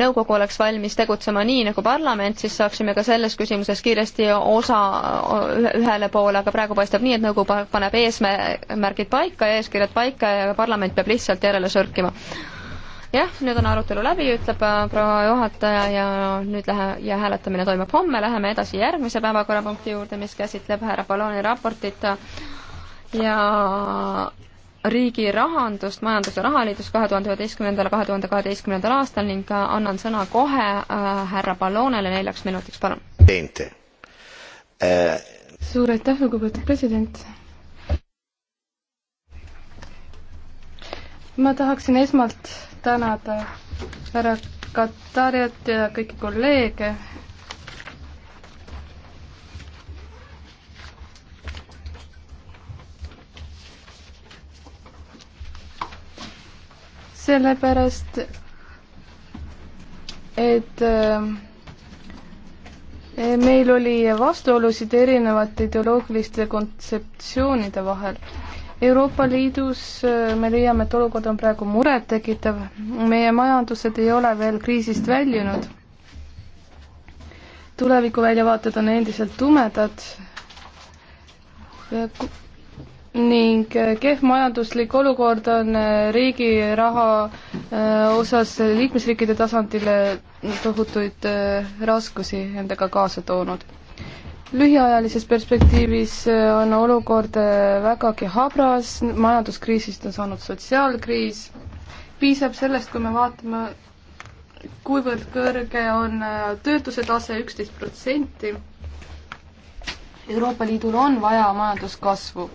nõukogu oleks valmis tegutsema nii nagu parlament, siis saaksime ka selles küsimuses kiiresti osa ühele poole, aga praegu paistab nii, et nõukogu paneb eesmärgid paika ja eeskirjad paika ja parlament peab lihtsalt järele sörkima jah, nüüd on arutelu läbi, ütleb äh, proua juhataja ja nüüd lähe- ja hääletamine toimub homme, läheme edasi järgmise päevakorrapunkti juurde, mis käsitleb härra Paloni raportit ja riigi rahandust, majandus- ja rahaliidust kahe tuhande üheteistkümnendal, kahe tuhande kaheteistkümnendal aastal ning annan sõna kohe äh, härra Ballonele neljaks minutiks, palun. Äh... suur aitäh, lugupeetud president. ma tahaksin esmalt tänada härra Katariat ja kõiki kolleege sellepärast et äh, meil oli vastuolusid erinevate ideoloogiliste kontseptsioonide vahel. Euroopa Liidus äh, me leiame, et olukord on praegu murettekitav, meie majandused ei ole veel kriisist väljunud. tulevikuväljavaated on endiselt tumedad ning äh, kehv majanduslik olukord on äh, riigi raha äh, osas liikmesriikide tasandile tohutuid raskusi endaga kaasa toonud. lühiajalises perspektiivis on olukord vägagi habras, majanduskriisist on saanud sotsiaalkriis, piisab sellest, kui me vaatame, kuivõrd kõrge on töötuse tase, üksteist protsenti. Euroopa Liidul on vaja majanduskasvu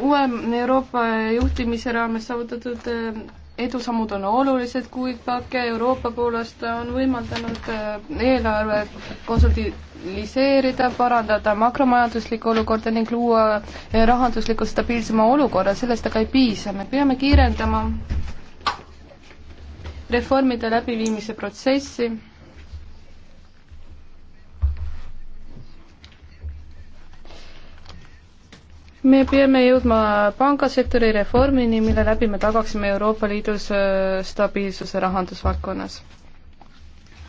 uue Euroopa juhtimise raames saavutatud eh, edusammud on olulised, kuid PAKE Euroopa poolest on võimaldanud eh, eelarve konsolideerida, parandada makromajanduslikku olukorda ning luua eh, rahanduslikult stabiilsema olukorra, sellest aga ei piisa, me peame kiirendama reformide läbiviimise protsessi me peame jõudma pangasektori reformini, mille läbi me tagaksime Euroopa Liidus äh, stabiilsuse rahandusvaldkonnas.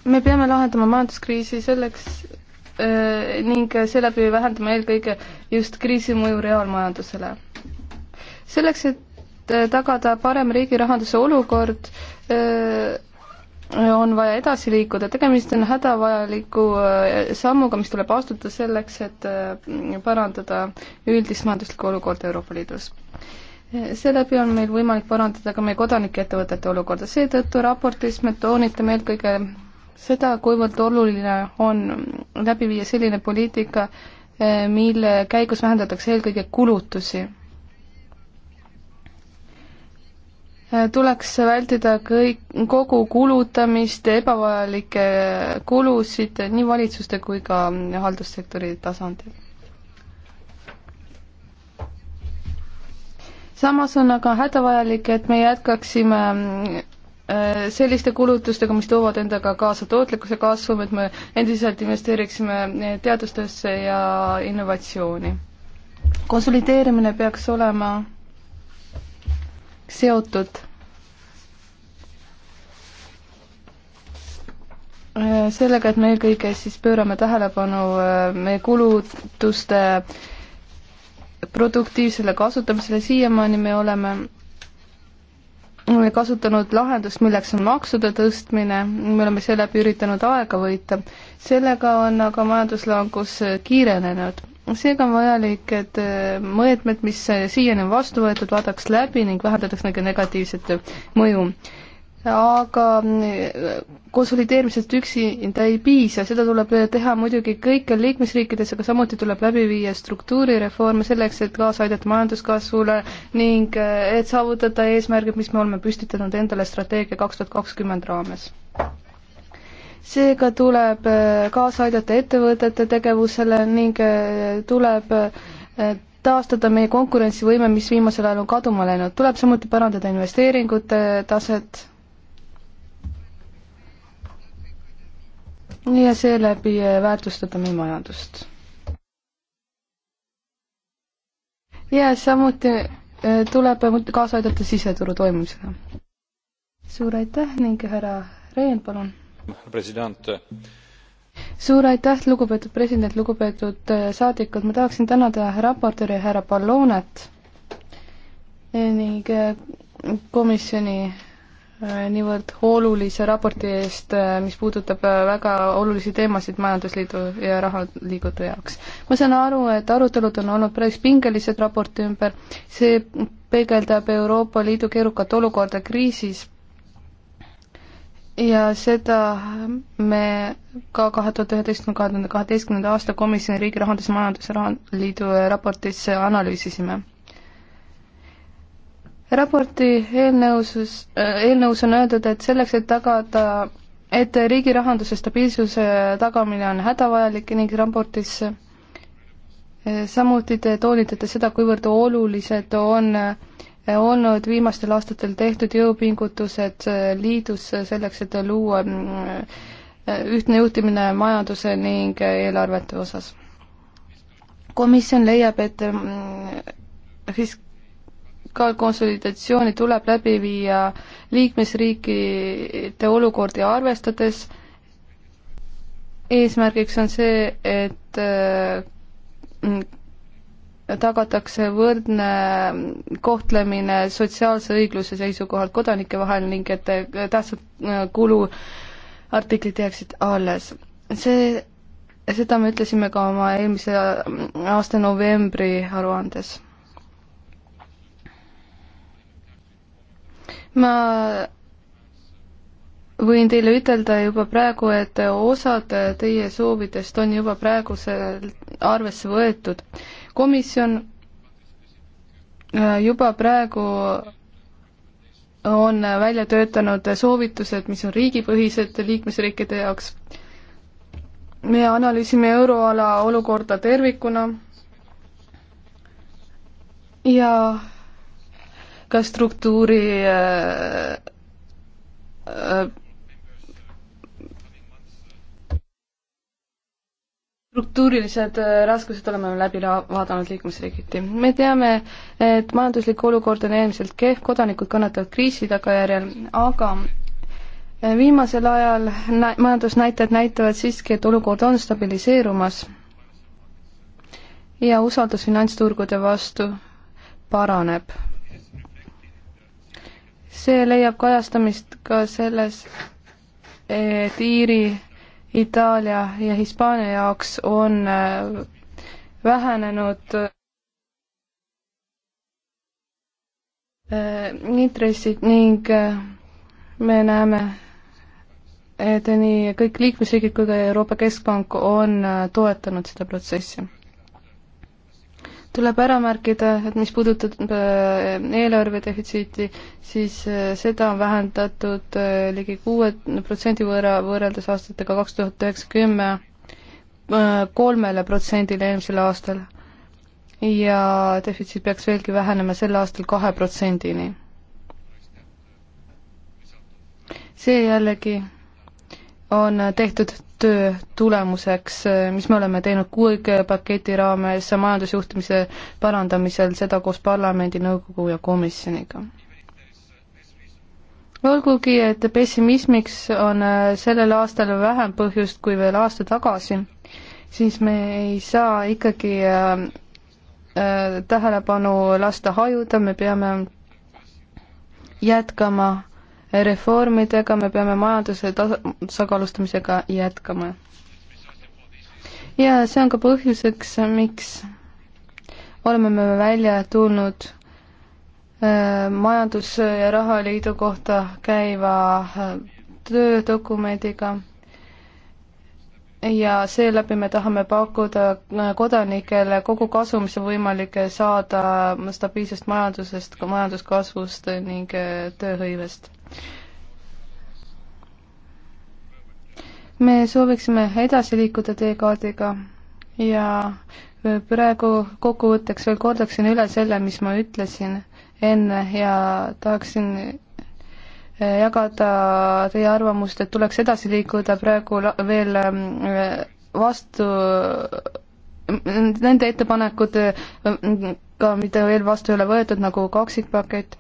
me peame lahendama majanduskriisi selleks äh, ning seeläbi vähendama eelkõige just kriisi mõju reaalmajandusele. selleks, et äh, tagada parem riigi rahanduse olukord äh,, on vaja edasi liikuda, tegemist on hädavajaliku äh, sammuga, mis tuleb astuda selleks, et äh, parandada üldist majanduslikku olukorda Euroopa Liidus. Äh, seeläbi on meil võimalik parandada ka meie kodanike ettevõtete olukorda, seetõttu raportis me toonitame eelkõige seda, kuivõrd oluline on läbi viia selline poliitika, mille käigus vähendatakse eelkõige kulutusi Äh, tuleks vältida kõik, kogu kulutamist, ebavajalikke kulusid nii valitsuste kui ka haldussektori tasandil. samas on aga hädavajalik, et me jätkaksime äh, selliste kulutustega, mis toovad endaga kaasa tootlikkuse kasvu, et me endiselt investeeriksime teadustesse ja innovatsiooni. konsolideerimine peaks olema seotud äh, sellega, et me eelkõige siis pöörame tähelepanu äh, meie kulutuste produktiivsele kasutamisele, siiamaani me oleme kasutanud lahendust, milleks on maksude tõstmine, me oleme seeläbi üritanud aega võita. sellega on aga majanduslangus kiirenenud seega on vajalik, et äh, mõõtmed, mis äh, siiani on vastu võetud, vaadaks läbi ning vähendataks nende negatiivset mõju. aga äh, konsolideerimisest üksinda ei piisa, seda tuleb teha muidugi kõikjal liikmesriikides, aga samuti tuleb läbi viia struktuurireforme selleks, et kaasa aidata majanduskasvule ning et saavutada eesmärgid, mis me oleme püstitanud endale strateegia kaks tuhat kakskümmend raames seega tuleb äh, kaasa aidata ettevõtete tegevusele ning äh, tuleb äh, taastada meie konkurentsivõime, mis viimasel ajal on kaduma läinud, tuleb samuti parandada investeeringute taset ja seeläbi väärtustada meie majandust. ja samuti tuleb kaasa aidata siseturu toimimisele. suur aitäh ning härra Rein, palun! Äh, suur aitäh, lugupeetud president, lugupeetud äh, saadikud, ma tahaksin tänada raportööri härra Pallonet äh, ning komisjoni niivõrd olulise raporti eest, mis puudutab väga olulisi teemasid Majandusliidu ja Rahaliidu jaoks. ma saan aru, et arutelud on olnud päris pingelised raporti ümber, see peegeldab Euroopa Liidu keerukat olukorda kriisis ja seda me ka kahe tuhande üheteistkümne, kahe tuhande kaheteistkümnenda aasta komisjoni riigi rahandus- ja majandusliidu äh, raportis äh, analüüsisime. raporti eelnõus, äh, eelnõus on öeldud, et selleks, et tagada, et riigi rahanduse stabiilsuse tagamine on hädavajalik ning raportis samuti te toonitate seda, kuivõrd olulised on äh, olnud viimastel aastatel tehtud jõupingutused äh, liidus selleks, et luua mm, äh, ühtne juhtimine majanduse ning äh, eelarvete osas. komisjon leiab, et mm, fiskaalkonsolidatsiooni tuleb läbi viia liikmesriikide olukordi arvestades, eesmärgiks on see, et tagatakse võrdne kohtlemine sotsiaalse õigluse seisukohalt kodanike vahel ning et tähtsad äh, kuluartiklid jääksid alles. see, seda me ütlesime ka oma eelmise äh, aasta novembri aruandes. ma võin teile ütelda juba praegu, et osad teie soovidest on juba praegusel arvesse võetud komisjon äh, juba praegu on välja töötanud soovitused, mis on riigipõhised liikmesriikide jaoks. me analüüsime euroala olukorda tervikuna ja ka struktuuri äh, äh, struktuurilised äh, raskused oleme läbi vaadanud liikmesriigiti. me teame, et majanduslik olukord on äärmiselt kehv, kodanikud kannatavad kriisi tagajärjel, aga äh, viimasel ajal nä-, majandusnäitajad näitavad siiski, et olukord on stabiliseerumas ja usaldus finantsturgude vastu paraneb. see leiab kajastamist ka selles, et Iiri Itaalia ja Hispaania jaoks on äh, vähenenud äh, intressid ning äh, me näeme, et nii kõik liikmesriigid kui ka Euroopa Keskpank on toetanud seda protsessi tuleb ära märkida, et mis puudutab äh, eelarve defitsiiti, siis äh, seda on vähendatud äh, ligi kuue protsendi võrra võrreldes aastatega kaks tuhat üheksa, kümme kolmele protsendile eelmisel aastal. ja defitsiit peaks veelgi vähenema sel aastal kahe protsendini. see jällegi on tehtud töö tulemuseks, mis me oleme teinud kuue paketi raames majandusjuhtimise parandamisel, seda koos parlamendi, nõukogu ja komisjoniga. olgugi, et pessimismiks on sellel aastal vähem põhjust kui veel aasta tagasi, siis me ei saa ikkagi äh, äh, tähelepanu lasta hajuda, me peame jätkama reformidega, me peame majanduse tasakaalustamisega jätkama. ja see on ka põhjuseks, miks oleme me välja tulnud äh, majandus- ja rahaliidu kohta käiva äh, töödokumendiga ja seeläbi me tahame pakkuda äh, kodanikele kogu kasu, mis on võimalik saada stabiilsest majandusest, majanduskasvust ning tööhõivest. me sooviksime edasi liikuda teekaardiga ja praegu kokkuvõtteks veel kordaksin üle selle, mis ma ütlesin enne ja tahaksin eh, jagada teie arvamust, et tuleks edasi liikuda praegu veel eh, vastu nende ettepanekute ka, mida veel vastu ei ole võetud, nagu kaksikpakett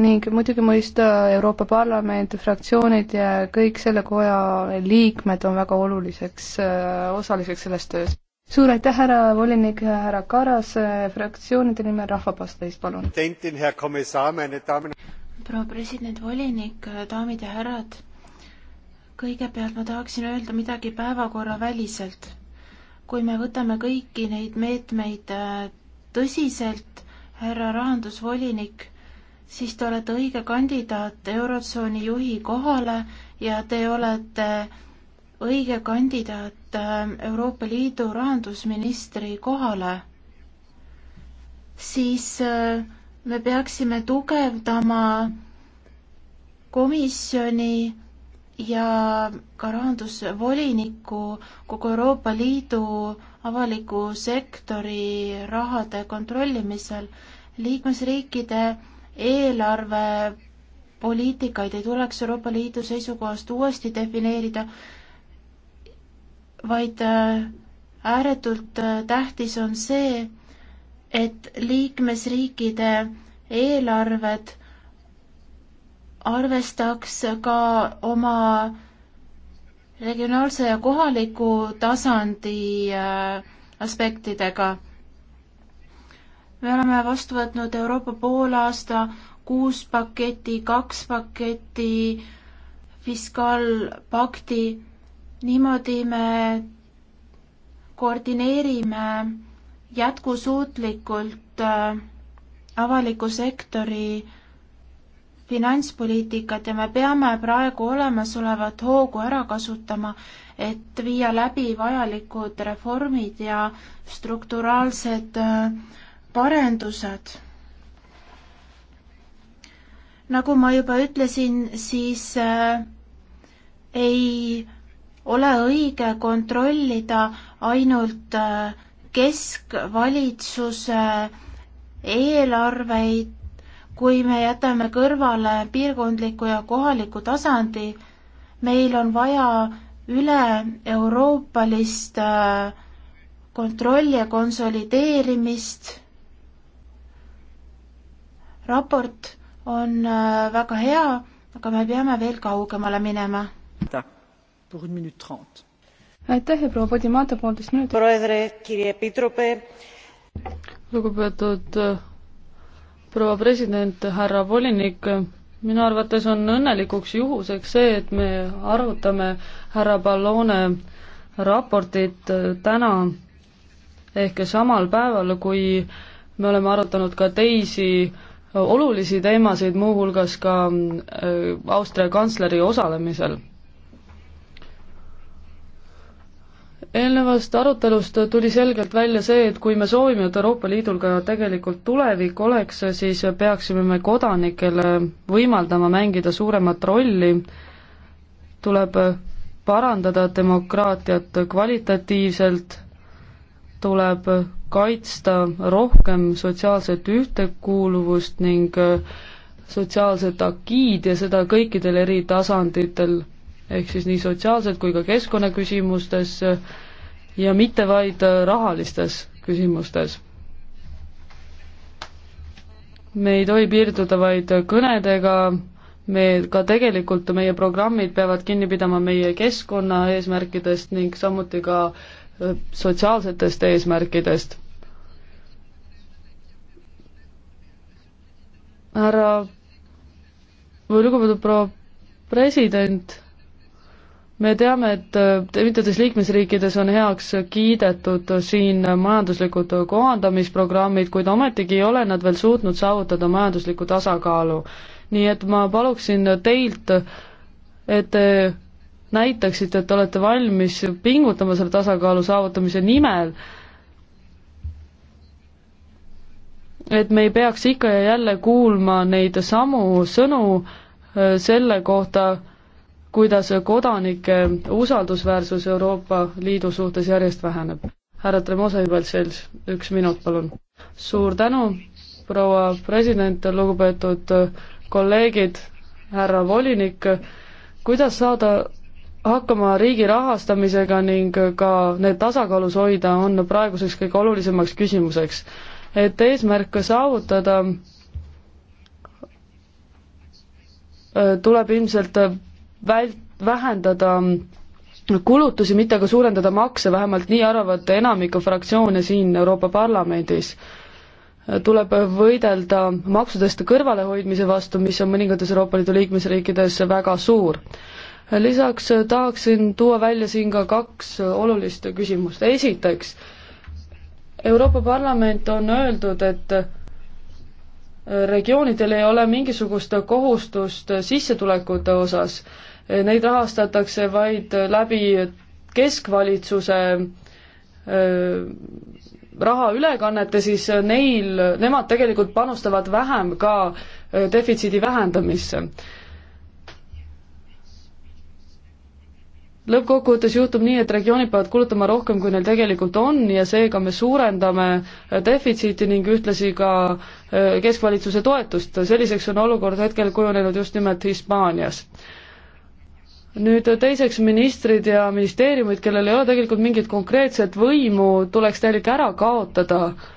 ning muidugi mõista Euroopa Parlamendi fraktsioonid ja kõik selle koja liikmed on väga oluliseks äh, osaliseks selles töös. suur aitäh, härra volinik, härra Karas, äh, fraktsioonide nimel Rahvapasteis, palun. proua president, volinik, daamid ja härrad, kõigepealt ma tahaksin öelda midagi päevakorraväliselt. kui me võtame kõiki neid meetmeid äh, tõsiselt, härra rahandusvolinik siis te olete õige kandidaat Eurotsooni juhi kohale ja te olete õige kandidaat ähm, Euroopa Liidu rahandusministri kohale, siis äh, me peaksime tugevdama komisjoni ja ka rahandusvoliniku kogu Euroopa Liidu avaliku sektori rahade kontrollimisel liikmesriikide eelarvepoliitikaid ei tuleks Euroopa Liidu seisukohast uuesti defineerida, vaid äh, ääretult äh, tähtis on see, et liikmesriikide eelarved arvestaks ka oma regionaalse ja kohaliku tasandi äh, aspektidega me oleme vastu võtnud Euroopa poolaasta kuus paketi, kaks paketi, fiskaalpakti. niimoodi me koordineerime jätkusuutlikult äh, avaliku sektori finantspoliitikat ja me peame praegu olemasolevat hoogu ära kasutama, et viia läbi vajalikud reformid ja strukturaalsed äh, parendused. nagu ma juba ütlesin, siis äh, ei ole õige kontrollida ainult äh, keskvalitsuse äh, eelarveid, kui me jätame kõrvale piirkondliku ja kohaliku tasandi, meil on vaja üle-euroopalist äh, kontrolli ja konsolideerimist raport on äh, väga hea, aga me peame veel kaugemale minema. aitäh ja proua Podimata poolteist minutit. lugupeetud äh, proua president, härra volinik, minu arvates on õnnelikuks juhuseks see, et me arutame härra Ballone raportit äh, täna ehk samal päeval, kui me oleme arutanud ka teisi äh, olulisi teemasid, muuhulgas ka äh, Austria kantsleri osalemisel. eelnevast arutelust tuli selgelt välja see, et kui me soovime, et Euroopa Liidul ka tegelikult tulevik oleks, siis peaksime me kodanikele võimaldama mängida suuremat rolli, tuleb parandada demokraatiat kvalitatiivselt tuleb kaitsta rohkem sotsiaalset ühtekuuluvust ning äh, sotsiaalset akiid ja seda kõikidel eri tasanditel, ehk siis nii sotsiaalselt kui ka keskkonnaküsimustes äh, ja mitte vaid äh, rahalistes küsimustes. me ei tohi piirduda vaid kõnedega, me ka tegelikult, meie programmid peavad kinni pidama meie keskkonnaeesmärkidest ning samuti ka äh, sotsiaalsetest eesmärkidest. härra või lugupeetud proua president, me teame, et mitmetes liikmesriikides on heaks kiidetud siin majanduslikud kohandamisprogrammid, kuid ometigi ei ole nad veel suutnud saavutada majanduslikku tasakaalu. nii et ma paluksin teilt, et te näitaksite, et olete valmis pingutama selle tasakaalu saavutamise nimel, et me ei peaks ikka ja jälle kuulma neid samu sõnu äh, selle kohta, kuidas kodanike usaldusväärsus Euroopa Liidu suhtes järjest väheneb. härra Tremose-Hübelsels, üks minut, palun. suur tänu, proua president, lugupeetud kolleegid, härra volinik, kuidas saada hakkama riigi rahastamisega ning ka need tasakaalus hoida, on praeguseks kõige olulisemaks küsimuseks. et eesmärk saavutada, äh, tuleb ilmselt vält-, vähendada kulutusi, mitte aga suurendada makse, vähemalt nii arvavad enamiku fraktsioone siin Euroopa Parlamendis. Äh, tuleb võidelda maksudest kõrvalehoidmise vastu, mis on mõningates Euroopa Liidu liikmesriikides väga suur lisaks äh, tahaksin tuua välja siin ka kaks äh, olulist küsimust. esiteks, Euroopa Parlament on öeldud, et äh, regioonidel ei ole mingisugust kohustust sissetulekute osas, neid rahastatakse vaid läbi keskvalitsuse raha ülekannete, siis neil, nemad tegelikult panustavad vähem ka defitsiidi vähendamisse lõppkokkuvõttes juhtub nii, et regioonid peavad kulutama rohkem, kui neil tegelikult on ja seega me suurendame äh, defitsiiti ning ühtlasi ka äh, keskvalitsuse toetust, selliseks on olukord hetkel kujunenud just nimelt Hispaanias nüüd äh, teiseks ministrid ja ministeeriumid, kellel ei ole tegelikult mingit konkreetset võimu, tuleks tegelikult ära kaotada äh,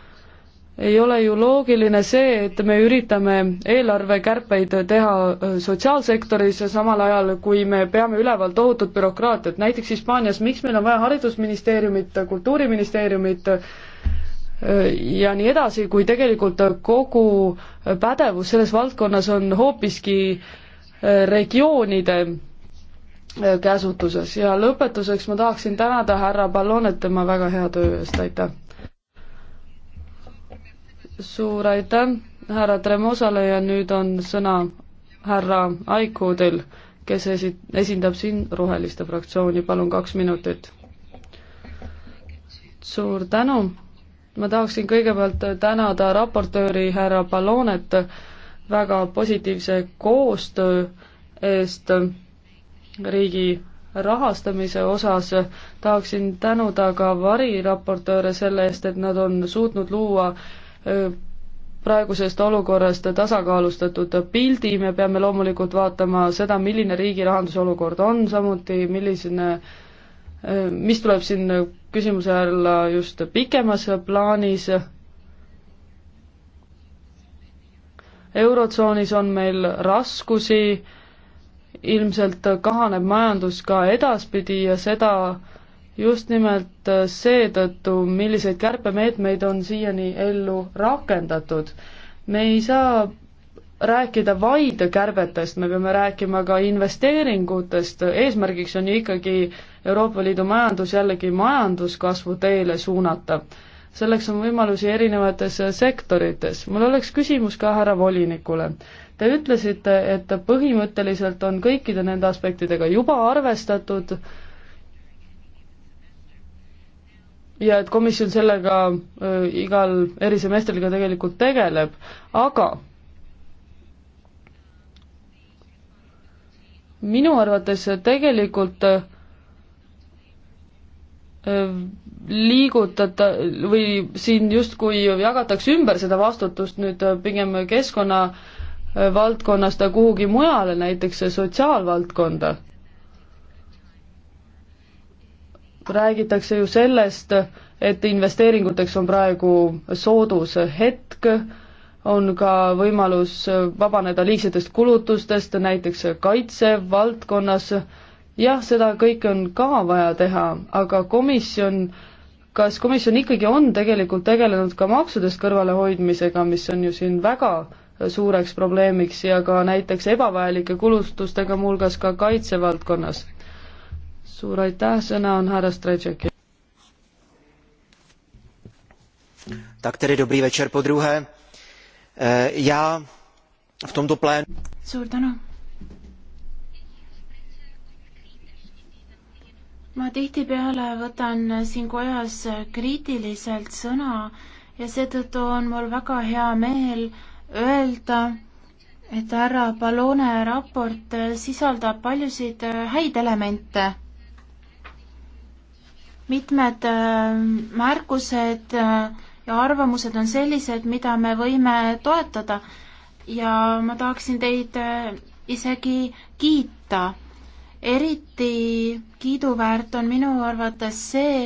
ei ole ju loogiline see, et me üritame eelarvekärpeid teha äh, sotsiaalsektoris, samal ajal kui me peame üleval tohutut bürokraatiat, näiteks Hispaanias, miks meil on vaja Haridusministeeriumit, Kultuuriministeeriumit äh, ja nii edasi, kui tegelikult kogu pädevus selles valdkonnas on hoopiski äh, regioonide käsutuses ja lõpetuseks ma tahaksin tänada härra Ballonet tema väga hea töö eest, aitäh! suur aitäh härra Tremosale ja nüüd on sõna härra Aikudel, kes esi-, esindab siin Roheliste fraktsiooni, palun kaks minutit. suur tänu, ma tahaksin kõigepealt tänada raportööri härra Ballonet väga positiivse koostöö eest riigi rahastamise osas, tahaksin tänuda ka variraportööre selle eest, et nad on suutnud luua äh, praegusest olukorrast tasakaalustatud pildi, me peame loomulikult vaatama seda, milline riigi rahanduse olukord on, samuti milline, mis tuleb siin küsimuse alla just pikemas plaanis. eurotsoonis on meil raskusi, ilmselt kahaneb majandus ka edaspidi ja seda just nimelt äh, seetõttu, milliseid kärpemeetmeid on siiani ellu rakendatud. me ei saa rääkida vaid kärbetest, me peame rääkima ka investeeringutest, eesmärgiks on ju ikkagi Euroopa Liidu majandus jällegi majanduskasvu teele suunata. selleks on võimalusi erinevates sektorites. mul oleks küsimus ka härra volinikule. Te ütlesite, et põhimõtteliselt on kõikide nende aspektidega juba arvestatud, ja et komisjon sellega äh, igal erisemestril ka tegelikult tegeleb, aga minu arvates tegelikult äh, liigutata või siin justkui jagatakse ümber seda vastutust nüüd pigem keskkonna valdkonnast kuhugi mujale, näiteks sotsiaalvaldkonda räägitakse ju sellest, et investeeringuteks on praegu soodus hetk, on ka võimalus vabaneda liigsetest kulutustest, näiteks kaitsevaldkonnas, jah, seda kõike on ka vaja teha, aga komisjon, kas komisjon ikkagi on tegelikult tegelenud ka maksudest kõrvalehoidmisega, mis on ju siin väga suureks probleemiks ja ka näiteks ebavajalike kulutustega, muuhulgas ka kaitsevaldkonnas suur aitäh, sõna on härra Strejček. tak tedy dobrý večer po druhé. E, já v tomto plénu... Suur tänu. ma tihtipeale võtan siin kojas kriitiliselt sõna ja seetõttu on mul väga hea meel öelda, et härra Palone raport sisaldab paljusid häid elemente mitmed äh, märkused äh, ja arvamused on sellised, mida me võime toetada ja ma tahaksin teid äh, isegi kiita. eriti kiiduväärt on minu arvates see,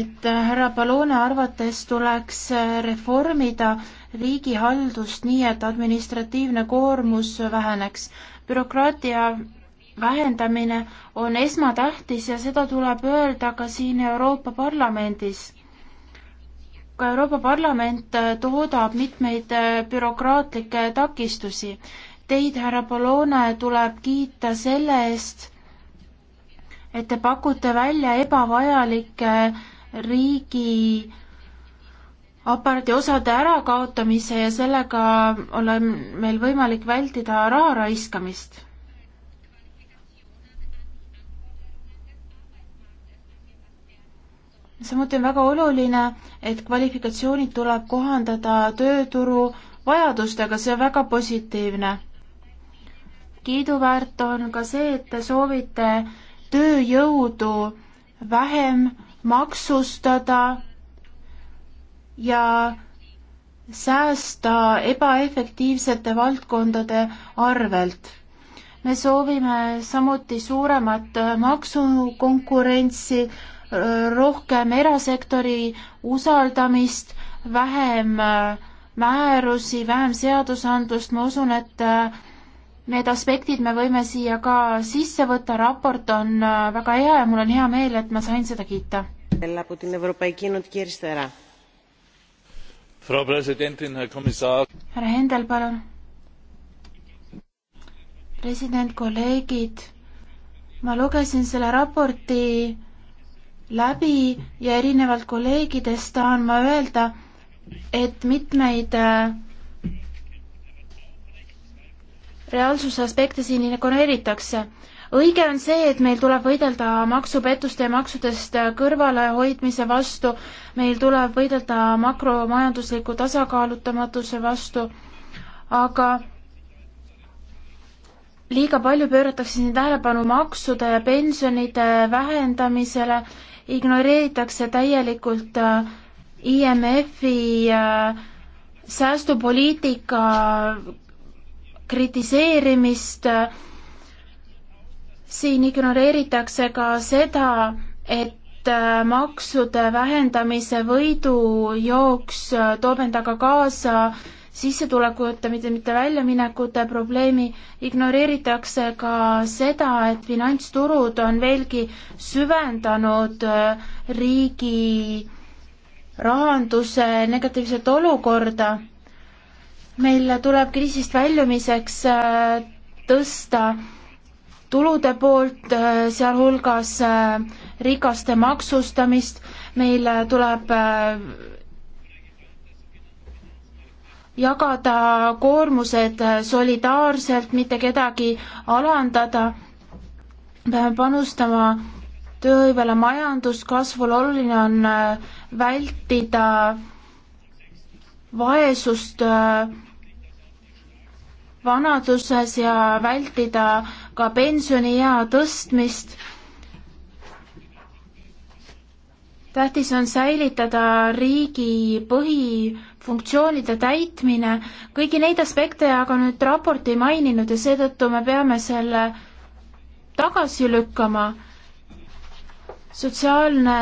et härra Palone arvates tuleks reformida riigihaldust nii, et administratiivne koormus väheneks. bürokraatia vähendamine on esmatähtis ja seda tuleb öelda ka siin Euroopa Parlamendis. ka Euroopa Parlament toodab mitmeid äh, bürokraatlikke takistusi. Teid, härra Polone, tuleb kiita selle eest, et te pakute välja ebavajalikke riigi aparaadi osade ärakaotamise ja sellega on meil võimalik vältida raha raiskamist samuti on väga oluline, et kvalifikatsioonid tuleb kohandada tööturu vajadustega, see on väga positiivne. kiiduväärt on ka see, et te soovite tööjõudu vähem maksustada ja säästa ebaefektiivsete valdkondade arvelt. me soovime samuti suuremat maksukonkurentsi, rohkem erasektori usaldamist, vähem äh, määrusi, vähem seadusandlust, ma usun, et äh, need aspektid me võime siia ka sisse võtta, raport on äh, väga hea ja mul on hea meel, et ma sain seda kiita. härra Hendel, palun. president, kolleegid, ma lugesin selle raporti läbi ja erinevalt kolleegidest tahan ma öelda, et mitmeid äh, reaalsuse aspekte siin ignoreeritakse. õige on see, et meil tuleb võidelda maksupettuste ja maksudest äh, kõrvalehoidmise vastu, meil tuleb võidelda makromajandusliku tasakaalutamatuse vastu, aga liiga palju pööratakse siin tähelepanu maksude ja pensionide vähendamisele ignoreeritakse täielikult äh, IMF-i äh, säästupoliitika kritiseerimist. siin ignoreeritakse ka seda, et äh, maksude vähendamise võidujooks toob endaga kaasa sissetulekute, mitte, mitte väljaminekute probleemi, ignoreeritakse ka seda, et finantsturud on veelgi süvendanud äh, riigi rahanduse negatiivset olukorda. meil tuleb kriisist väljumiseks äh, tõsta tulude poolt, äh, sealhulgas rikaste maksustamist, meil tuleb jagada koormused solidaarselt, mitte kedagi alandada, peame panustama tööhõivele majanduskasvul, oluline on äh, vältida vaesust äh, vanaduses ja vältida ka pensioniea tõstmist tähtis on säilitada riigi põhifunktsioonide täitmine, kõiki neid aspekte aga nüüd raport ei maininud ja seetõttu me peame selle tagasi lükkama. sotsiaalne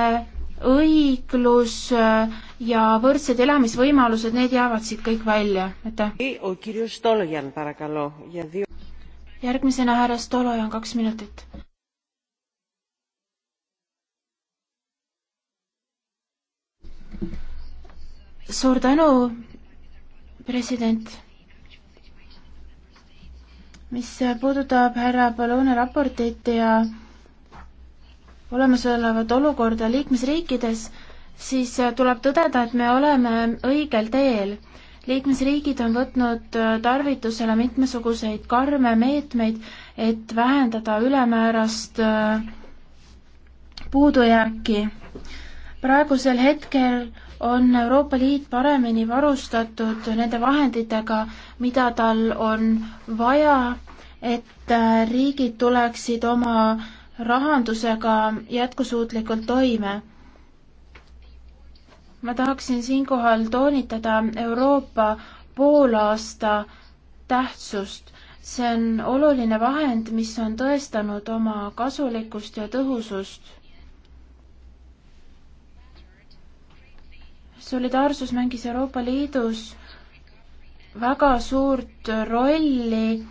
õiglus äh, ja võrdsed elamisvõimalused, need jäävad siit kõik välja, aitäh. järgmisena härra Stolojan, kaks minutit suur tänu, president. mis puudutab härra Palone raportit ja olemasolevat olukorda liikmesriikides, siis tuleb tõdeda, et me oleme õigel teel. liikmesriigid on võtnud tarvitusele mitmesuguseid karme meetmeid, et vähendada ülemäärast äh, puudujääki praegusel hetkel on Euroopa Liit paremini varustatud nende vahenditega, mida tal on vaja, et äh, riigid tuleksid oma rahandusega jätkusuutlikult toime. ma tahaksin siinkohal toonitada Euroopa poolaasta tähtsust. see on oluline vahend, mis on tõestanud oma kasulikkust ja tõhusust solidaarsus mängis Euroopa Liidus väga suurt rolli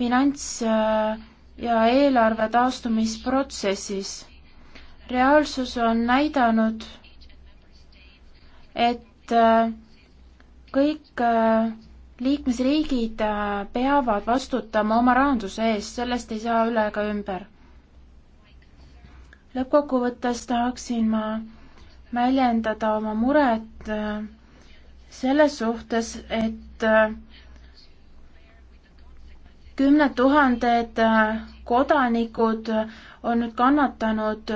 finants- äh, ja eelarve taastumisprotsessis. reaalsus on näidanud, et äh, kõik äh, liikmesriigid peavad vastutama oma rahanduse eest, sellest ei saa üle ega ümber. lõppkokkuvõttes tahaksin ma väljendada oma muret äh, selles suhtes, et äh, kümned tuhanded äh, kodanikud on nüüd kannatanud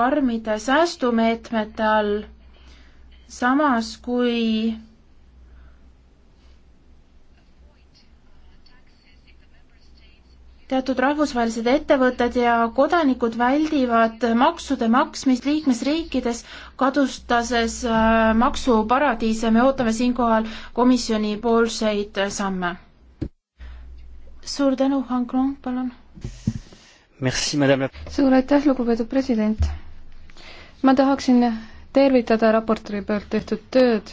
karmide säästumeetmete all, samas kui teatud rahvusvahelised ettevõtted ja kodanikud väldivad maksude maksmist liikmesriikides kadustases äh, maksuparadiise, me ootame siinkohal komisjoni poolseid samme. suur tänu, Hank Long, palun. suur aitäh, lugupeetud president. ma tahaksin tervitada raportööri poolt tehtud tööd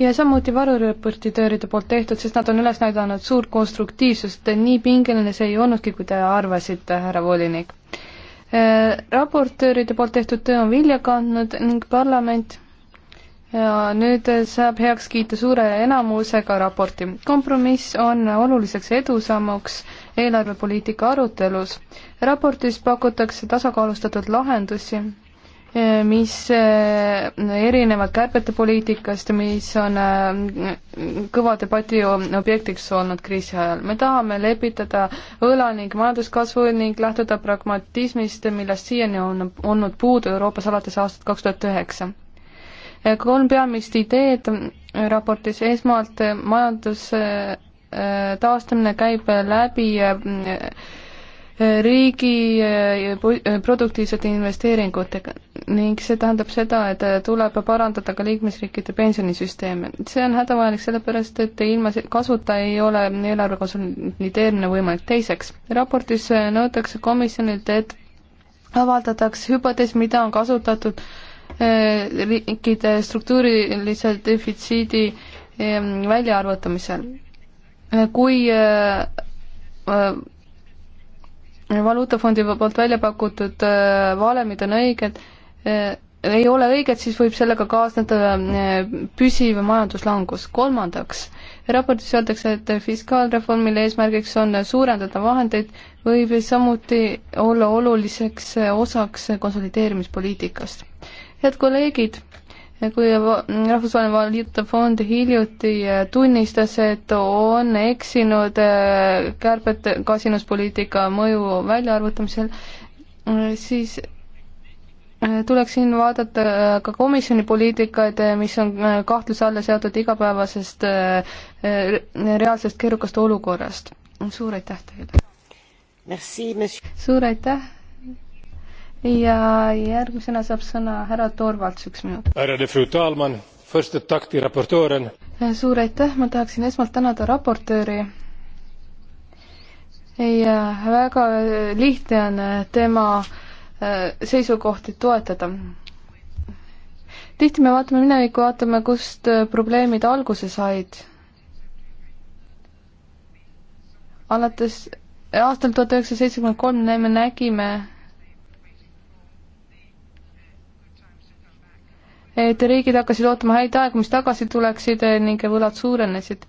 ja samuti varuraportitööride poolt tehtud, sest nad on üles näidanud suurt konstruktiivsust, nii pingeline see ei olnudki, kui te arvasite, härra volinik. Äh, raportööride poolt tehtud töö on vilja kandnud ning parlament ja nüüd saab heaks kiita suure enamusega raporti. kompromiss on oluliseks edusammuks eelarvepoliitika arutelus. raportis pakutakse tasakaalustatud lahendusi mis äh, erinevad kärbete poliitikast ja mis on äh, kõva debati objektiks olnud kriisi ajal. me tahame lepitada õla ning majanduskasvu ning lähtuda pragmatismist, millest siiani on olnud puudu Euroopas alates aastat kaks tuhat üheksa. kolm peamist ideed raportis, esmalt majanduse äh, taastamine käib läbi riigi eh, eh, produktiivsete investeeringutega ning see tähendab seda, et eh, tuleb parandada ka liikmesriikide pensionisüsteeme. see on hädavajalik sellepärast, et ilma kasuta ei ole eelarve konsolideerimine võimalik. teiseks, raportis nõutakse komisjonilt, et avaldatakse hüpotees, mida on kasutatud riikide struktuurilise defitsiidi väljaarvutamisel. kui valuutafondi poolt välja pakutud äh, valemid on õiged, äh, ei ole õiged, siis võib sellega kaasneda äh, püsiv majanduslangus. kolmandaks, raportis öeldakse, et fiskaalreformile eesmärgiks on suurendada vahendeid, võib samuti olla oluliseks osaks konsolideerimispoliitikast. head kolleegid, kui Rahvusvaheline Valuutafond hiljuti äh, tunnistas, et on eksinud äh, kärbete kasinuspoliitika mõju väljaarvutamisel, äh, siis tuleks siin vaadata ka komisjoni poliitikaid, mis on kahtluse alla seatud igapäevasest reaalsest keerukast olukorrast. suur aitäh teile! suur aitäh! ja järgmisena saab sõna härra Torvalds, üks minut. suur aitäh, ma tahaksin esmalt tänada raportööri ja väga lihtne on tema äh, seisukohti toetada. tihti me vaatame minevikku, vaatame, kust äh, probleemid alguse said. alates aastal tuhat üheksasada seitsekümmend kolm me nägime et riigid hakkasid ootama häid aegu, mis tagasi tuleksid eh, ning võlad suurenesid.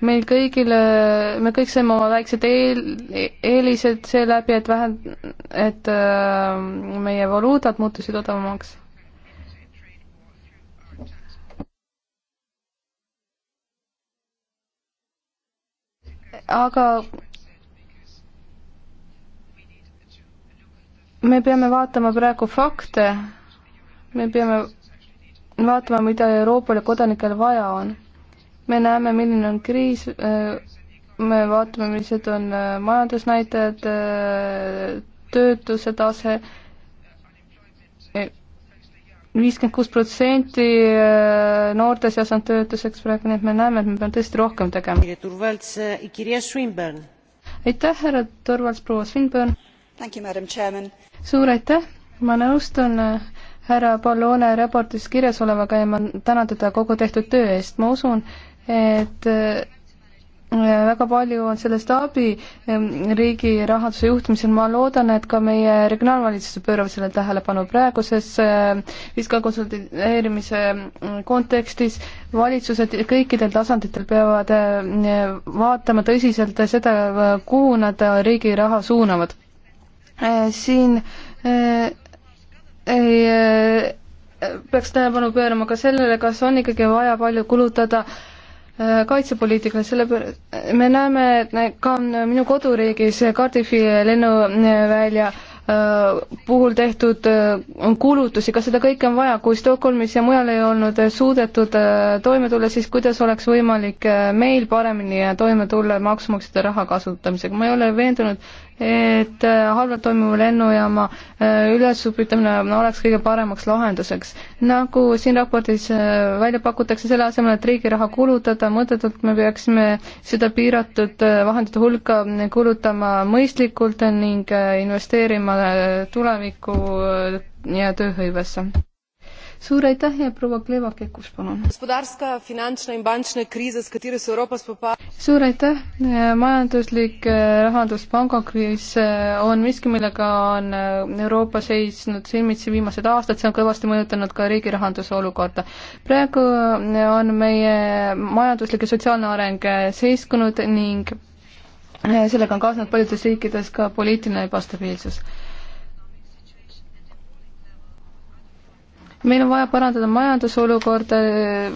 meil kõigil, eh, me kõik saime oma väiksed eel, e-, eelised seeläbi, et vähe, et äh, meie valuutad muutusid odavamaks. aga me peame vaatama praegu fakte me peame vaatama, mida Euroopale kodanikel vaja on. me näeme, milline on kriis, äh, me vaatame, millised on äh, majandusnäitajad, äh, töötuse tase, e, viiskümmend kuus protsenti noorte seas on töötuseks praegu, nii et me näeme, et me peame tõesti rohkem tegema. aitäh, härra Torvalds, proua Swinburne! suur aitäh, ma nõustun äh, härra Pollone raportis kirjas olevaga ja ma tänan teda kogu tehtud töö eest. ma usun, et äh, väga palju on sellest abi ähm, riigi rahanduse juhtimisel, ma loodan, et ka meie regionaalvalitsused pööravad sellele tähelepanu praeguses äh, fiskaalkonsulteerimise äh, kontekstis, valitsused kõikidel tasanditel peavad vaatama tõsiselt seda, kuhu nad riigi raha suunavad. siin Eh, peaks tähelepanu pöörama ka sellele, kas on ikkagi vaja palju kulutada eh, kaitsepoliitikale, selle pär-, me näeme, et ka minu koduriigis Cardiffi lennuvälja eh, puhul tehtud kulutusi, kas seda kõike on vaja, kui Stockholmis ja mujal ei olnud suudetud toime tulla, siis kuidas oleks võimalik meil paremini toime tulla maksumaksjate raha kasutamisega, ma ei ole veendunud, et äh, halvalt toimuva lennujaama äh, ülesupitamine oleks kõige paremaks lahenduseks. nagu siin raportis äh, välja pakutakse, selle asemel, et riigi raha kulutada mõttetult, me peaksime seda piiratud vahendite hulka kulutama mõistlikult ning investeerima tulevikku ja tööhõivesse suur aitäh ja proua Kleva Kekus, palun. suur aitäh, majanduslik eh, rahanduspangakriis eh, on miski, millega on eh, Euroopa seisnud silmitsi viimased aastad, see on kõvasti mõjutanud ka riigi rahanduse olukorda. praegu on meie majanduslik ja sotsiaalne areng seiskunud ning sellega on kaasnenud paljudes riikides ka poliitiline ebastabiilsus meil on vaja parandada majandusolukorda,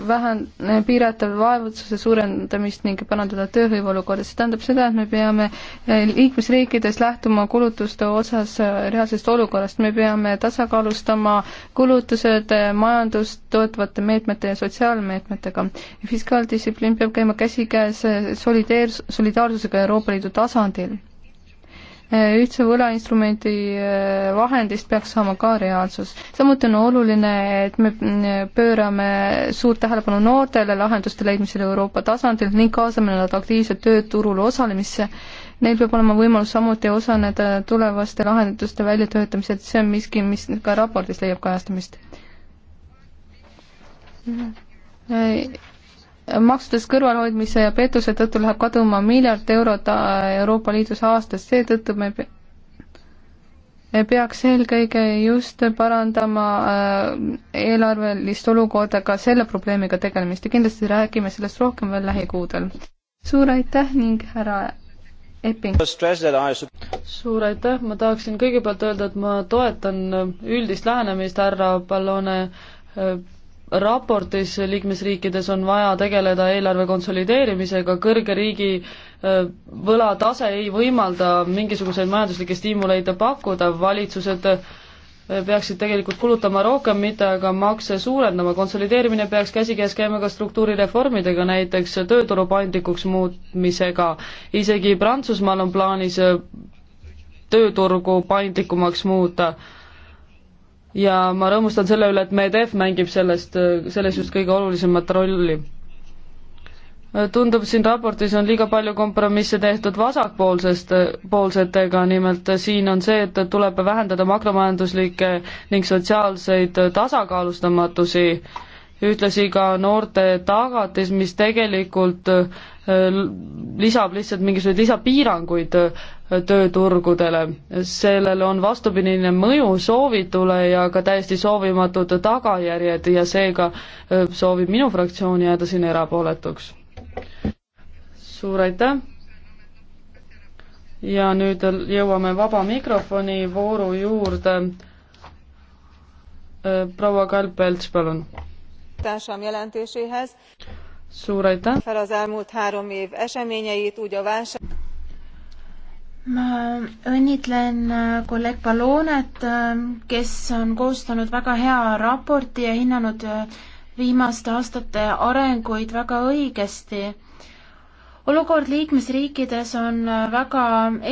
vähen-, piirata vaevutuse suurendamist ning parandada tööhõive olukorda, see tähendab seda, et me peame eh, liikmesriikides lähtuma kulutuste osas eh, reaalsest olukorrast, me peame tasakaalustama kulutused eh, majandust toetavate meetmete ja sotsiaalmeetmetega. fiskaaldistsipliin peab käima käsikäes solideer-, solidaarsusega Euroopa Liidu tasandil Äh, ühtse võlainstrumendi äh, vahendist peaks saama ka reaalsus. samuti on oluline, et me mm, pöörame suurt tähelepanu noortele lahenduste leidmisele Euroopa tasandil ning kaasame nad aktiivselt tööturul osalemisse. Neil peab olema võimalus samuti osaneda tulevaste lahenduste väljatöötamisel, see on miski, mis ka raportis leiab kajastamist ka maksudest kõrvalhoidmise ja pettuse tõttu läheb kaduma miljard eurot äh, Euroopa Liidus aastas, seetõttu me peaks eelkõige just parandama äh, eelarvelist olukorda ka selle probleemiga tegelemist ja kindlasti räägime sellest rohkem veel lähikuudel. suur aitäh ning härra Epping. suur aitäh, ma tahaksin kõigepealt öelda, et ma toetan üldist lähenemist härra Pallone äh, raportis liikmesriikides on vaja tegeleda eelarve konsolideerimisega, kõrge riigi võlatase ei võimalda mingisuguseid majanduslikke stiimuleid pakkuda, valitsused peaksid tegelikult kulutama rohkem, mitte aga makse suurendama, konsolideerimine peaks käsikäes käima ka struktuurireformidega, näiteks tööturu paindlikuks muutmisega, isegi Prantsusmaal on plaanis tööturgu paindlikumaks muuta ja ma rõõmustan selle üle, et Medef mängib sellest, selles just kõige olulisemat rolli. tundub, siin raportis on liiga palju kompromisse tehtud vasakpoolsest, poolsetega, nimelt siin on see, et tuleb vähendada makromajanduslikke ning sotsiaalseid tasakaalustamatusi, ühtlasi ka noorte tagatis, mis tegelikult lisab lihtsalt mingisuguseid lisapiiranguid äh, tööturgudele. sellel on vastupidine mõju soovitule ja ka täiesti soovimatud tagajärjed ja seega äh, soovib minu fraktsioon jääda siin erapooletuks. suur aitäh! ja nüüd jõuame vaba mikrofoni vooru juurde. Äh, proua Kalp-Elts, palun! suur aitäh! ma õnnitlen äh, kolleeg Pallonet, äh, kes on koostanud väga hea raporti ja hinnanud äh, viimaste aastate arenguid väga õigesti. olukord liikmesriikides on väga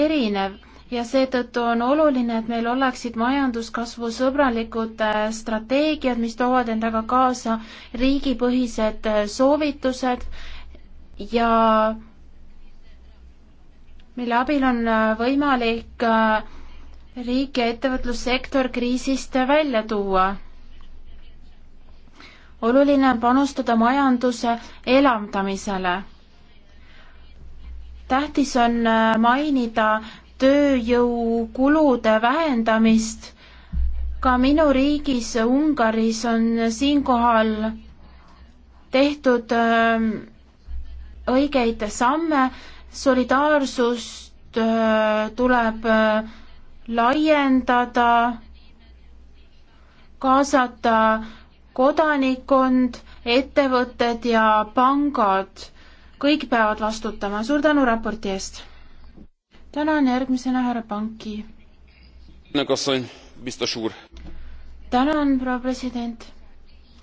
erinev ja seetõttu on oluline, et meil oleksid majanduskasvu sõbralikud äh, strateegiad, mis toovad endaga kaasa riigipõhised äh, soovitused ja mille abil on äh, võimalik riik ja ettevõtlussektor kriisist välja tuua. oluline on panustada majanduse elavdamisele tähtis on mainida tööjõukulude vähendamist. ka minu riigis Ungaris on siinkohal tehtud ähm, õigeid samme, solidaarsust äh, tuleb äh, laiendada, kaasata kodanikkond, ettevõtted ja pangad, kõik peavad vastutama, suur tänu raporti eest! tänan järgmisena härra Panki. tänan, proua president.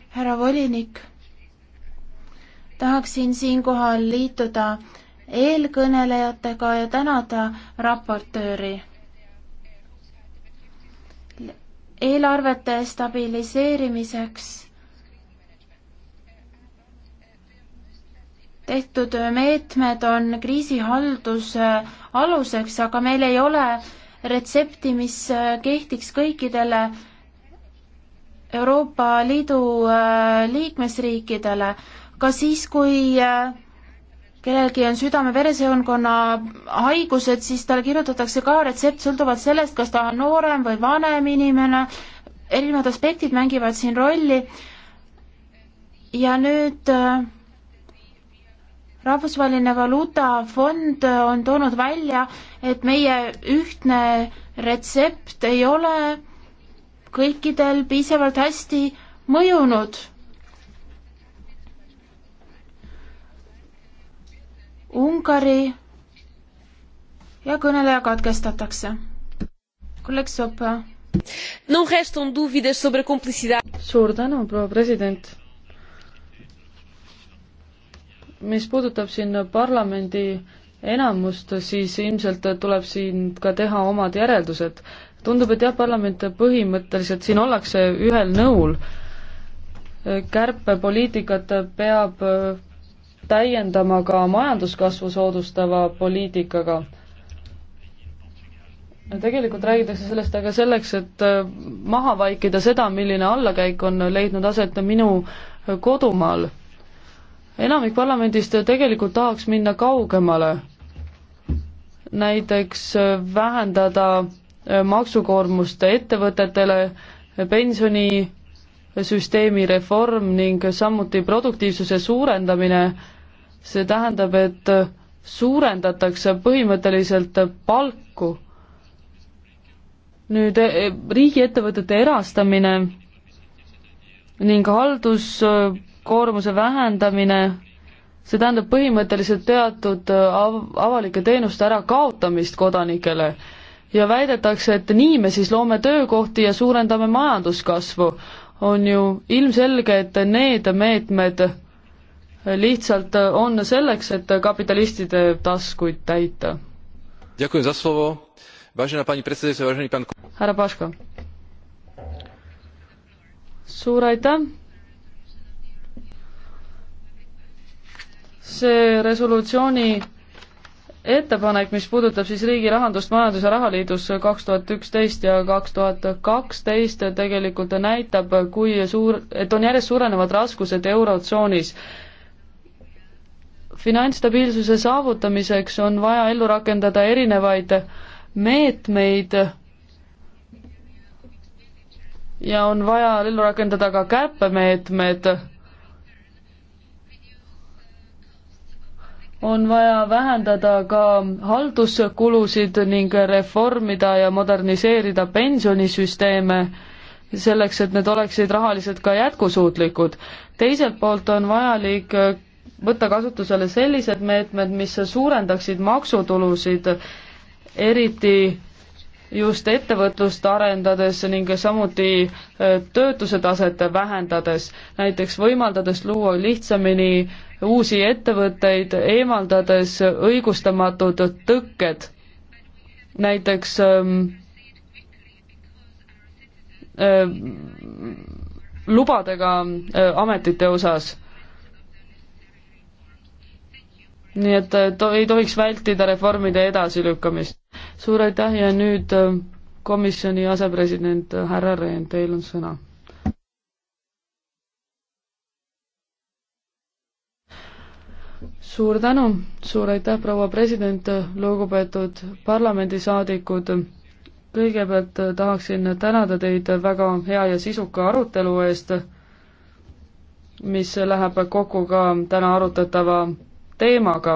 härra volinik, tahaksin siinkohal liituda eelkõnelejatega ja tänada raportööri. eelarvete stabiliseerimiseks tehtud meetmed on kriisihalduse aluseks, aga meil ei ole retsepti, mis kehtiks kõikidele Euroopa Liidu äh, liikmesriikidele. ka siis, kui äh, kellelgi on südame-veresoonkonna haigused, siis talle kirjutatakse ka retsept sõltuvalt sellest, kas ta on noorem või vanem inimene, erinevad aspektid mängivad siin rolli ja nüüd äh, rahvusvaheline valuutafond on toonud välja, et meie ühtne retsept ei ole kõikidel piisavalt hästi mõjunud. Ungari ja kõneleja katkestatakse. kolleeg Sopa. suur tänu, proua president mis puudutab siin parlamendi enamust, siis ilmselt tuleb siin ka teha omad järeldused. tundub, et jah, parlament põhimõtteliselt, siin ollakse ühel nõul, kärpepoliitikat peab täiendama ka majanduskasvu soodustava poliitikaga. tegelikult räägitakse sellest aga selleks, et maha vaikida seda, milline allakäik on leidnud aset minu kodumaal enamik parlamendist tegelikult tahaks minna kaugemale, näiteks vähendada äh, maksukoormust ettevõtetele, pensionisüsteemi reform ning samuti produktiivsuse suurendamine, see tähendab, et äh, suurendatakse põhimõtteliselt palku. nüüd äh, riigiettevõtete erastamine ning halduskoormuse vähendamine, see tähendab põhimõtteliselt teatud äh, av-, avalike teenuste ärakaotamist kodanikele ja väidetakse, et nii me siis loome töökohti ja suurendame majanduskasvu. on ju ilmselge, et need meetmed lihtsalt äh, on selleks, et kapitalistide taskuid täita. härra Paška suur aitäh! see resolutsiooni ettepanek, mis puudutab siis riigi rahandust Majandus- ja Rahaliidus kaks tuhat üksteist ja kaks tuhat kaksteist, tegelikult näitab, kui suur, et on järjest suurenevad raskused Eurotsoonis. finantsstabiilsuse saavutamiseks on vaja ellu rakendada erinevaid meetmeid ja on vaja ellu rakendada ka kärpemeetmed. on vaja vähendada ka halduskulusid ning reformida ja moderniseerida pensionisüsteeme selleks, et need oleksid rahaliselt ka jätkusuutlikud. teiselt poolt on vajalik võtta kasutusele sellised meetmed, mis suurendaksid maksutulusid, eriti just ettevõtlust arendades ning samuti äh, töötuse taset vähendades, näiteks võimaldades luua lihtsamini uusi ettevõtteid, eemaldades õigustamatud tõkked, näiteks ähm, ähm, lubadega äh, ametite osas nii et äh, to-, ei tohiks vältida reformide edasilükkamist. suur aitäh ja nüüd äh, komisjoni asepresident äh, härra Rehn, teil on sõna. suur tänu, suur aitäh, proua president, lugupeetud parlamendisaadikud, kõigepealt tahaksin tänada teid väga hea ja sisuka arutelu eest, mis läheb kokku ka täna arutatava teemaga.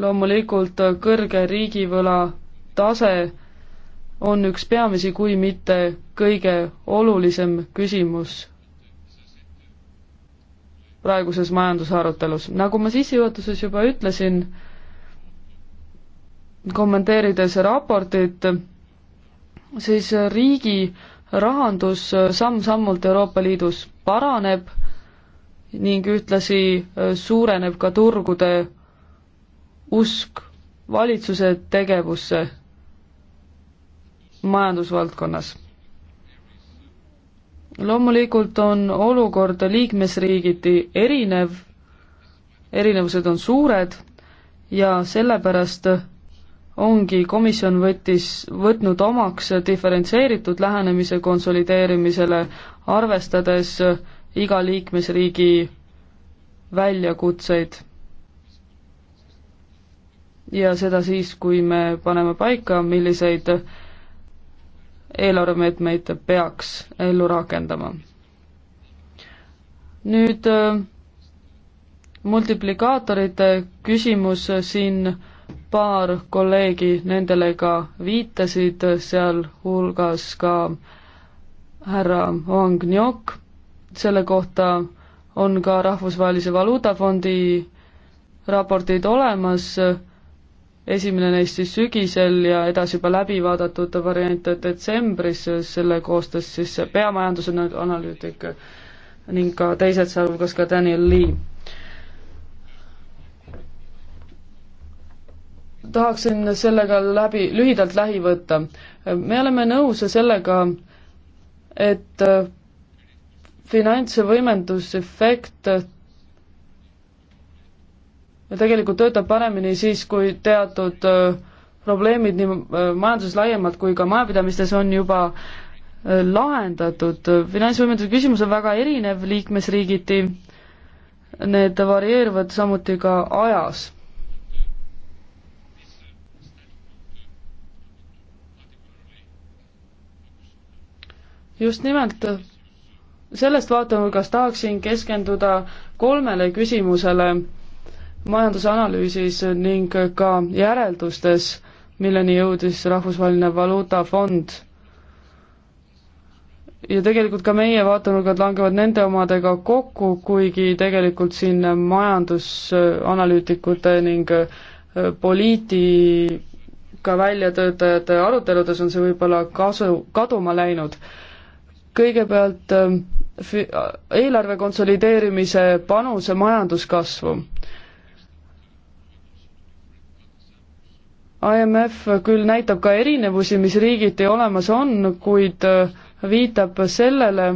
loomulikult kõrge riigivõla tase on üks peamisi, kui mitte kõige olulisem küsimus praeguses majandusarutelus. nagu ma sissejuhatuses juba ütlesin, kommenteerides raportit, siis riigi rahandus samm-sammult Euroopa Liidus paraneb ning ühtlasi äh, suureneb ka turgude usk valitsuse tegevusse majandusvaldkonnas. loomulikult on olukord liikmesriigiti erinev, erinevused on suured ja sellepärast ongi komisjon võttis, võtnud omaks diferentseeritud lähenemise konsolideerimisele, arvestades iga liikmesriigi väljakutseid. ja seda siis, kui me paneme paika, milliseid eelarvemeetmeid peaks ellu rakendama. nüüd äh, multiplikaatorite küsimus siin paar kolleegi nendele ka viitasid, sealhulgas ka härra Wang Njok selle kohta on ka Rahvusvahelise Valuutafondi raportid olemas, esimene neist siis sügisel ja edasi juba läbi vaadatud variant detsembris, selle koostas siis peamajanduse analüütik ning ka teised, sealhulgas ka Daniel Lee. tahaksin sellega läbi, lühidalt lähi võtta. me oleme nõus sellega, et finantsvõimendusefekt tegelikult töötab paremini siis, kui teatud äh, probleemid nii äh, majanduses laiemalt kui ka majapidamistes on juba äh, lahendatud. finantsvõimenduse küsimus on väga erinev liikmesriigiti, need varieeruvad samuti ka ajas just nimelt sellest vaatenurgast tahaksin keskenduda kolmele küsimusele majandusanalüüsis ning ka järeldustes, milleni jõudis Rahvusvaheline Valuutafond. ja tegelikult ka meie vaatenurgad langevad nende omadega kokku, kuigi tegelikult siin majandusanalüütikute ning äh, poliitika väljatöötajate aruteludes on see võib-olla kasu, kaduma läinud. kõigepealt äh, eelarve konsolideerimise panuse majanduskasvu. IMF küll näitab ka erinevusi, mis riigiti olemas on, kuid äh, viitab sellele,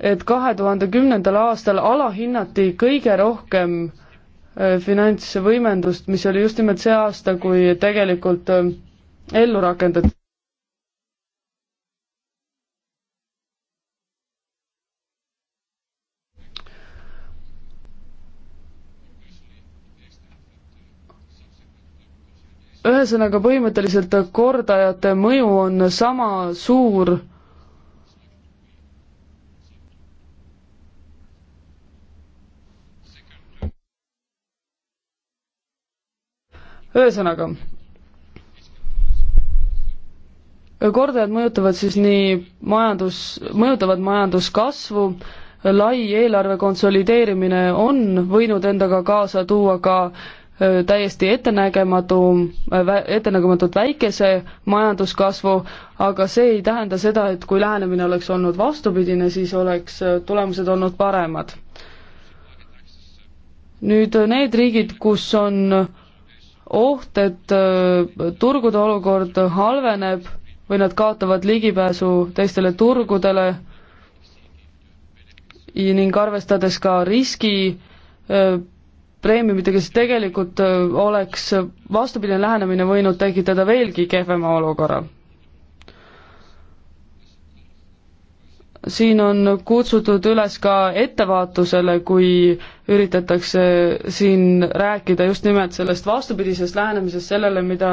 et kahe tuhande kümnendal aastal alahinnati kõige rohkem äh, finantsvõimendust, mis oli just nimelt see aasta, kui tegelikult äh, ellu rakendati. ühesõnaga, põhimõtteliselt kordajate mõju on sama suur ühesõnaga, kordajad mõjutavad siis nii majandus, mõjutavad majanduskasvu, lai eelarve konsolideerimine on võinud endaga kaasa tuua ka täiesti ettenägematu, ettenägematult väikese majanduskasvu, aga see ei tähenda seda, et kui lähenemine oleks olnud vastupidine, siis oleks tulemused olnud paremad. nüüd need riigid, kus on oht, et turgude olukord halveneb või nad kaotavad ligipääsu teistele turgudele ning arvestades ka riski preemiumidega, siis tegelikult oleks vastupidine lähenemine võinud tekitada veelgi kehvema olukorra. siin on kutsutud üles ka ettevaatusele, kui üritatakse siin rääkida just nimelt sellest vastupidisest lähenemisest sellele, mida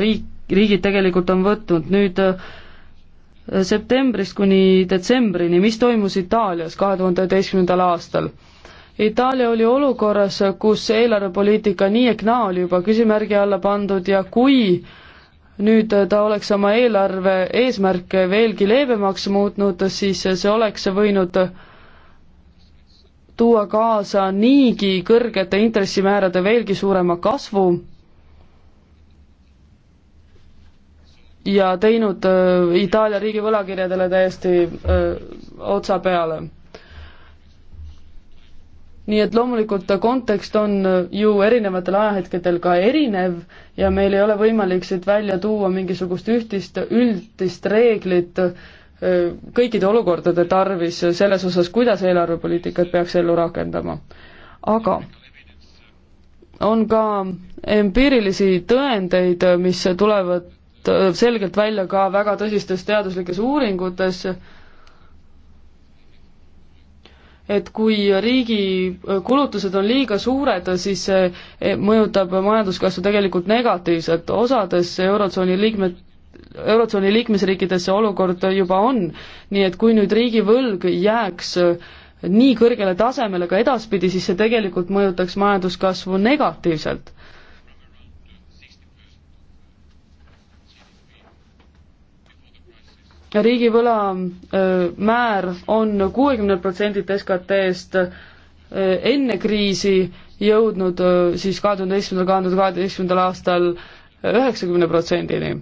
riik, riigid tegelikult on võtnud. nüüd septembrist kuni detsembrini, mis toimus Itaalias kahe tuhande üheteistkümnendal aastal? Itaalia oli olukorras, kus eelarvepoliitika nii ehk naa oli juba küsimärgi alla pandud ja kui nüüd ta oleks oma eelarve eesmärke veelgi leebemaks muutnud, siis see oleks võinud tuua kaasa niigi kõrgete intressimäärade veelgi suurema kasvu ja teinud äh, Itaalia riigi võlakirjadele täiesti öö, äh, otsa peale nii et loomulikult kontekst on äh, ju erinevatel ajahetkedel ka erinev ja meil ei ole võimalik siit välja tuua mingisugust ühtist, üldist reeglit äh, kõikide olukordade tarvis selles osas, kuidas eelarvepoliitikat peaks ellu rakendama. aga on ka empiirilisi tõendeid, mis tulevad äh, selgelt välja ka väga tõsistes teaduslikes uuringutes, et kui riigi kulutused on liiga suured, siis see eh, mõjutab majanduskasvu tegelikult negatiivselt, osades Eurotsooni liikmed Eurotsooni liikmesriikides see olukord juba on, nii et kui nüüd riigivõlg jääks eh, nii kõrgele tasemele ka edaspidi, siis see tegelikult mõjutaks majanduskasvu negatiivselt riigivõla määr on kuuekümnelt protsendilt SKT-st enne kriisi jõudnud siis kahe tuhande seitsmendal, kahe tuhande kaheteistkümnendal aastal üheksakümne protsendini.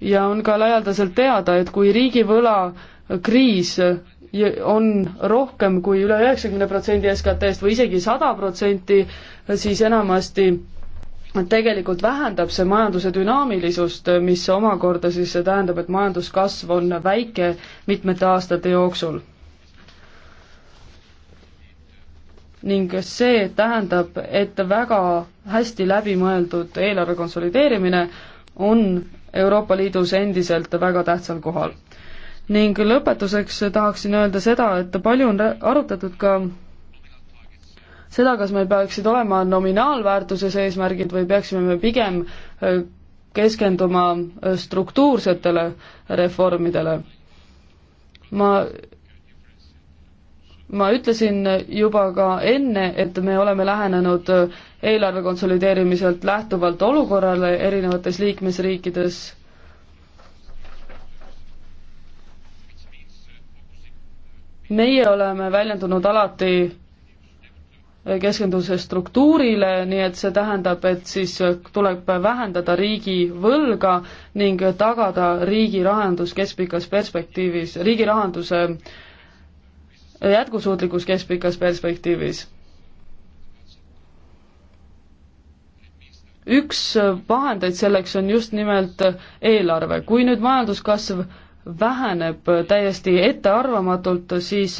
ja on ka laialdaselt teada, et kui riigivõla kriis on rohkem kui üle üheksakümne protsendi SKT-st või isegi sada protsenti, siis enamasti tegelikult vähendab see majanduse dünaamilisust, mis omakorda siis tähendab, et majanduskasv on väike mitmete aastate jooksul. ning see tähendab, et väga hästi läbimõeldud eelarve konsolideerimine on Euroopa Liidus endiselt väga tähtsal kohal. ning lõpetuseks tahaksin öelda seda, et palju on arutatud ka seda, kas meil peaksid olema nominaalväärtuses eesmärgid või peaksime me pigem äh, keskenduma äh, struktuursetele reformidele. ma, ma ütlesin juba ka enne, et me oleme lähenenud äh, eelarve konsolideerimiselt lähtuvalt olukorrale erinevates liikmesriikides meie oleme väljendunud alati keskenduse struktuurile, nii et see tähendab, et siis tuleb vähendada riigi võlga ning tagada riigi rahandus keskpikas perspektiivis, riigi rahanduse jätkusuutlikkus keskpikas perspektiivis. üks vahendeid selleks on just nimelt eelarve, kui nüüd majanduskasv väheneb täiesti ettearvamatult, siis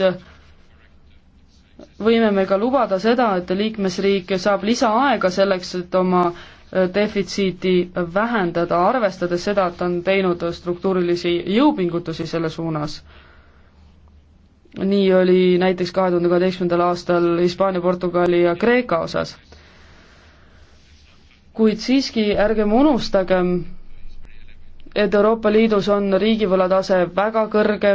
võime me ka lubada seda, et liikmesriik saab lisaaega selleks, et oma äh, defitsiiti vähendada, arvestades seda, et on teinud struktuurilisi jõupingutusi selle suunas. nii oli näiteks kahe tuhande kaheteistkümnendal aastal Hispaania, Portugali ja Kreeka osas. kuid siiski ärgem unustagem, et Euroopa Liidus on riigivõla tase väga kõrge,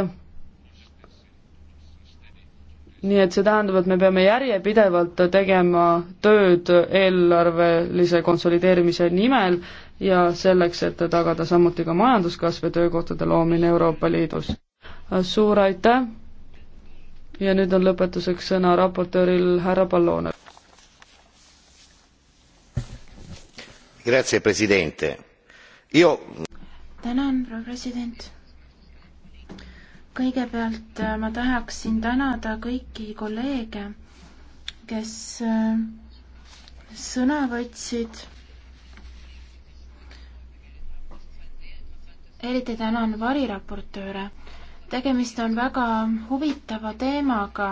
nii et see tähendab, et me peame järjepidevalt tegema tööd eelarvelise konsolideerimise nimel ja selleks, et tagada samuti ka majanduskasv ja töökohtade loomine Euroopa Liidus. suur aitäh ja nüüd on lõpetuseks sõna raportööril härra Pallone. tänan, proua president kõigepealt äh, ma tahaksin tänada kõiki kolleege, kes äh, sõna võtsid. eriti tänan variraportööre. tegemist on väga huvitava teemaga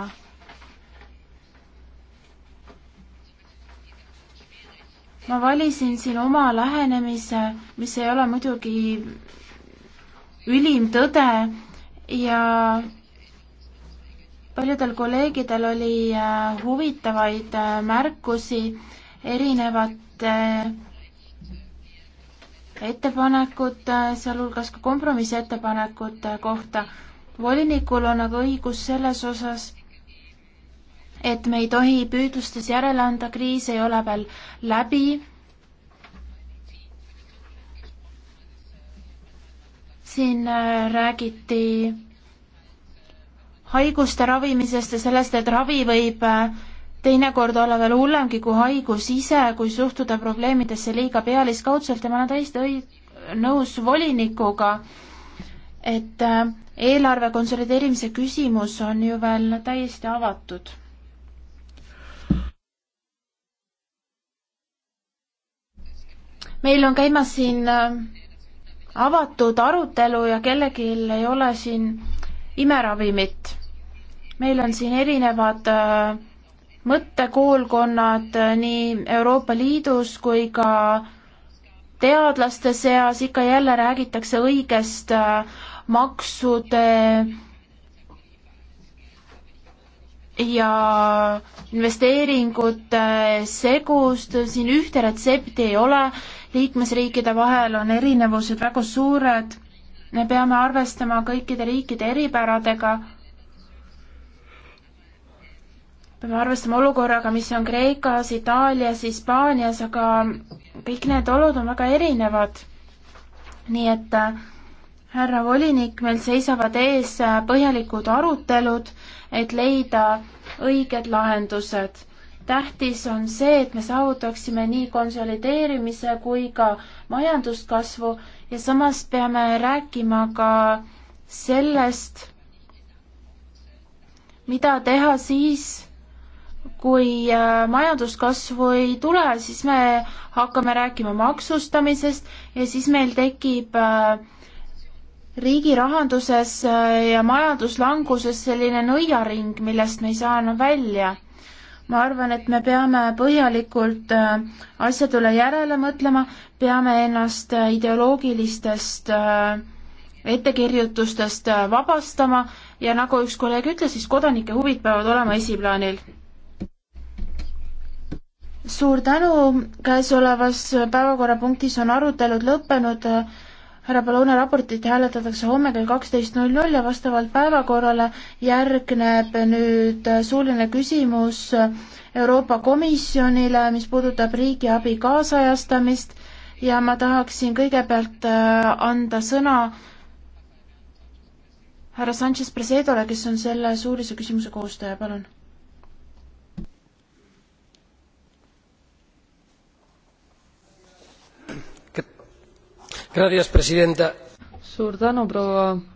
ma valisin siin oma lähenemise, mis ei ole muidugi ülim tõde, ja paljudel kolleegidel oli äh, huvitavaid äh, märkusi erinevate äh, ettepanekud, sealhulgas ka kompromissettepanekute kohta. volinikul on aga õigus selles osas, et me ei tohi püüdlustes järele anda, kriis ei ole veel läbi siin äh, räägiti haiguste ravimisest ja sellest, et ravi võib äh, teinekord olla veel hullemgi kui haigus ise, kui suhtuda probleemidesse liiga pealiskaudselt ja ma olen täiesti õi-, nõus volinikuga, et äh, eelarve konsolideerimise küsimus on ju veel täiesti avatud. meil on käimas siin avatud arutelu ja kellelgi ei ole siin imeravimit. meil on siin erinevad äh, mõttekoolkonnad äh, nii Euroopa Liidus kui ka teadlaste seas ikka jälle räägitakse õigest äh, maksude ja investeeringute segust, siin ühte retsepti ei ole, liikmesriikide vahel on erinevused väga suured, me peame arvestama kõikide riikide eripäradega, peame arvestama olukorraga, mis on Kreekas, Itaalias, Hispaanias, aga kõik need olud on väga erinevad. nii et äh, härra volinik, meil seisavad ees põhjalikud arutelud, et leida õiged lahendused. tähtis on see, et me saavutaksime nii konsolideerimise kui ka majanduskasvu ja samas peame rääkima ka sellest, mida teha siis, kui äh, majanduskasvu ei tule, siis me hakkame rääkima maksustamisest ja siis meil tekib äh, riigi rahanduses äh, ja majanduslanguses selline nõiaring, millest me ei saa enam välja. ma arvan, et me peame põhjalikult äh, asjade üle järele mõtlema, peame ennast äh, ideoloogilistest ettekirjutustest vabastama ja nagu üks kolleeg ütles, siis kodanike huvid peavad olema esiplaanil suur tänu, käesolevas päevakorrapunktis on arutelud lõppenud härra Palone raportit hääletatakse homme kell kaksteist null null ja vastavalt päevakorrale järgneb nüüd suuline küsimus Euroopa Komisjonile, mis puudutab riigiabi kaasajastamist ja ma tahaksin kõigepealt äh, anda sõna härra Sanchez Presedole, kes on selle suulise küsimuse koostaja, palun suur tänu, proua